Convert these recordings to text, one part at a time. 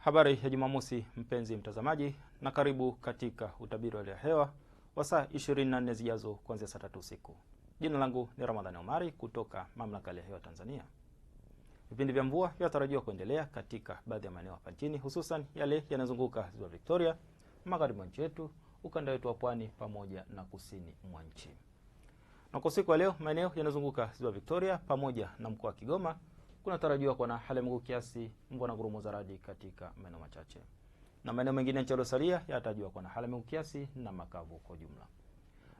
Habari ya Jumamosi, mpenzi mtazamaji, na karibu katika utabiri wa hali ya hewa wa saa 24 zijazo kuanzia saa tatu usiku. Jina langu ni Ramadhani Omari kutoka Mamlaka ya Hali ya Hewa Tanzania. Vipindi vya mvua vinatarajiwa kuendelea katika baadhi ya maeneo hapa nchini, hususan yale yanayozunguka ziwa Victoria, magharibi mwa nchi yetu, ukanda wetu wa pwani pamoja na kusini mwa nchi. Na kwa usiku wa leo, maeneo yanayozunguka ziwa Victoria pamoja na mkoa wa Kigoma kunatarajiwa kuwa na hali ya mawingu kiasi, mvua na ngurumo za radi katika maeneo machache, na maeneo mengine ya nchi yaliyosalia yanatarajiwa kuwa na hali ya mawingu kiasi na makavu kwa jumla.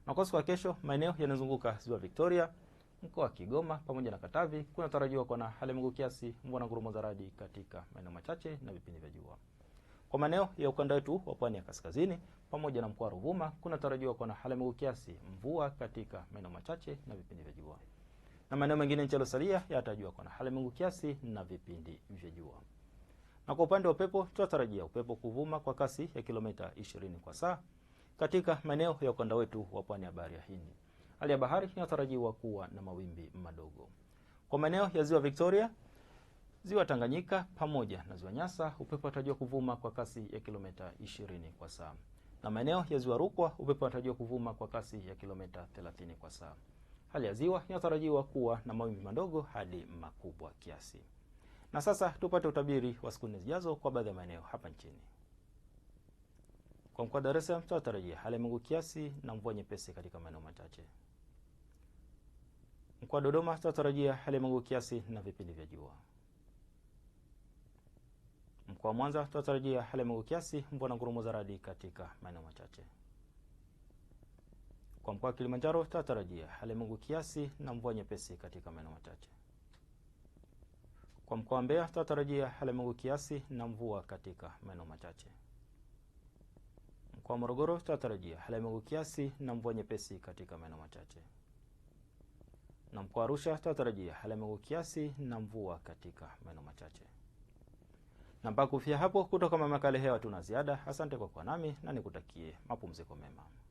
Na kwa siku ya kesho, maeneo yanayozunguka ziwa Victoria, mkoa wa Kigoma pamoja na Katavi kunatarajiwa kuwa na hali ya mawingu kiasi, mvua na ngurumo za radi katika maeneo machache na vipindi vya jua. Kwa maeneo ya ukanda wetu wa pwani ya kaskazini pamoja na mkoa wa Ruvuma kunatarajiwa kuwa na hali ya mawingu kiasi, mvua katika maeneo machache na vipindi vya jua na maeneo mengine nchi yaliyosalia yatajua kuna hali Mungu kiasi na vipindi vya jua. Na kwa upande wa upepo tunatarajia upepo kuvuma kwa kasi ya kilomita 20 kwa saa katika maeneo ya ukanda wetu wa pwani ya bahari ya Hindi. Hali ya bahari inatarajiwa kuwa na mawimbi madogo. Kwa maeneo ya ziwa Victoria, ziwa Tanganyika pamoja na ziwa Nyasa, upepo unatarajiwa kuvuma kwa kasi ya kilomita 20 kwa saa. Na maeneo ya ziwa Rukwa, upepo unatarajiwa kuvuma kwa kasi ya kilomita 30 kwa saa hali ya ziwa inatarajiwa kuwa na mawimbi madogo hadi makubwa kiasi. Na sasa tupate utabiri wa siku nne zijazo kwa baadhi ya maeneo hapa nchini. Kwa mkoa Dar es Salaam tunatarajia hali ya mawingu kiasi na mvua nyepesi katika maeneo machache. Mkoa wa Dodoma tunatarajia hali ya mawingu kiasi na vipindi vya jua. Mkoa wa Mwanza tunatarajia hali ya mawingu kiasi, mvua na ngurumo za radi katika maeneo machache. Kwa mkoa wa Kilimanjaro tatarajia hali ya mawingu kiasi na mvua nyepesi katika maeneo machache. Kwa mkoa wa Mbeya tutatarajia hali ya mawingu kiasi na mvua katika maeneo machache. Mkoa wa Morogoro tutatarajia hali ya mawingu kiasi na mvua nyepesi katika maeneo machache. Na mkoa wa Arusha tatarajia hali ya mawingu kiasi na mvua katika maeneo machache. Na mpaka kufikia hapo, kutoka makala hewa tuna ziada. Asante kwa kuwa nami na nikutakie mapumziko mema.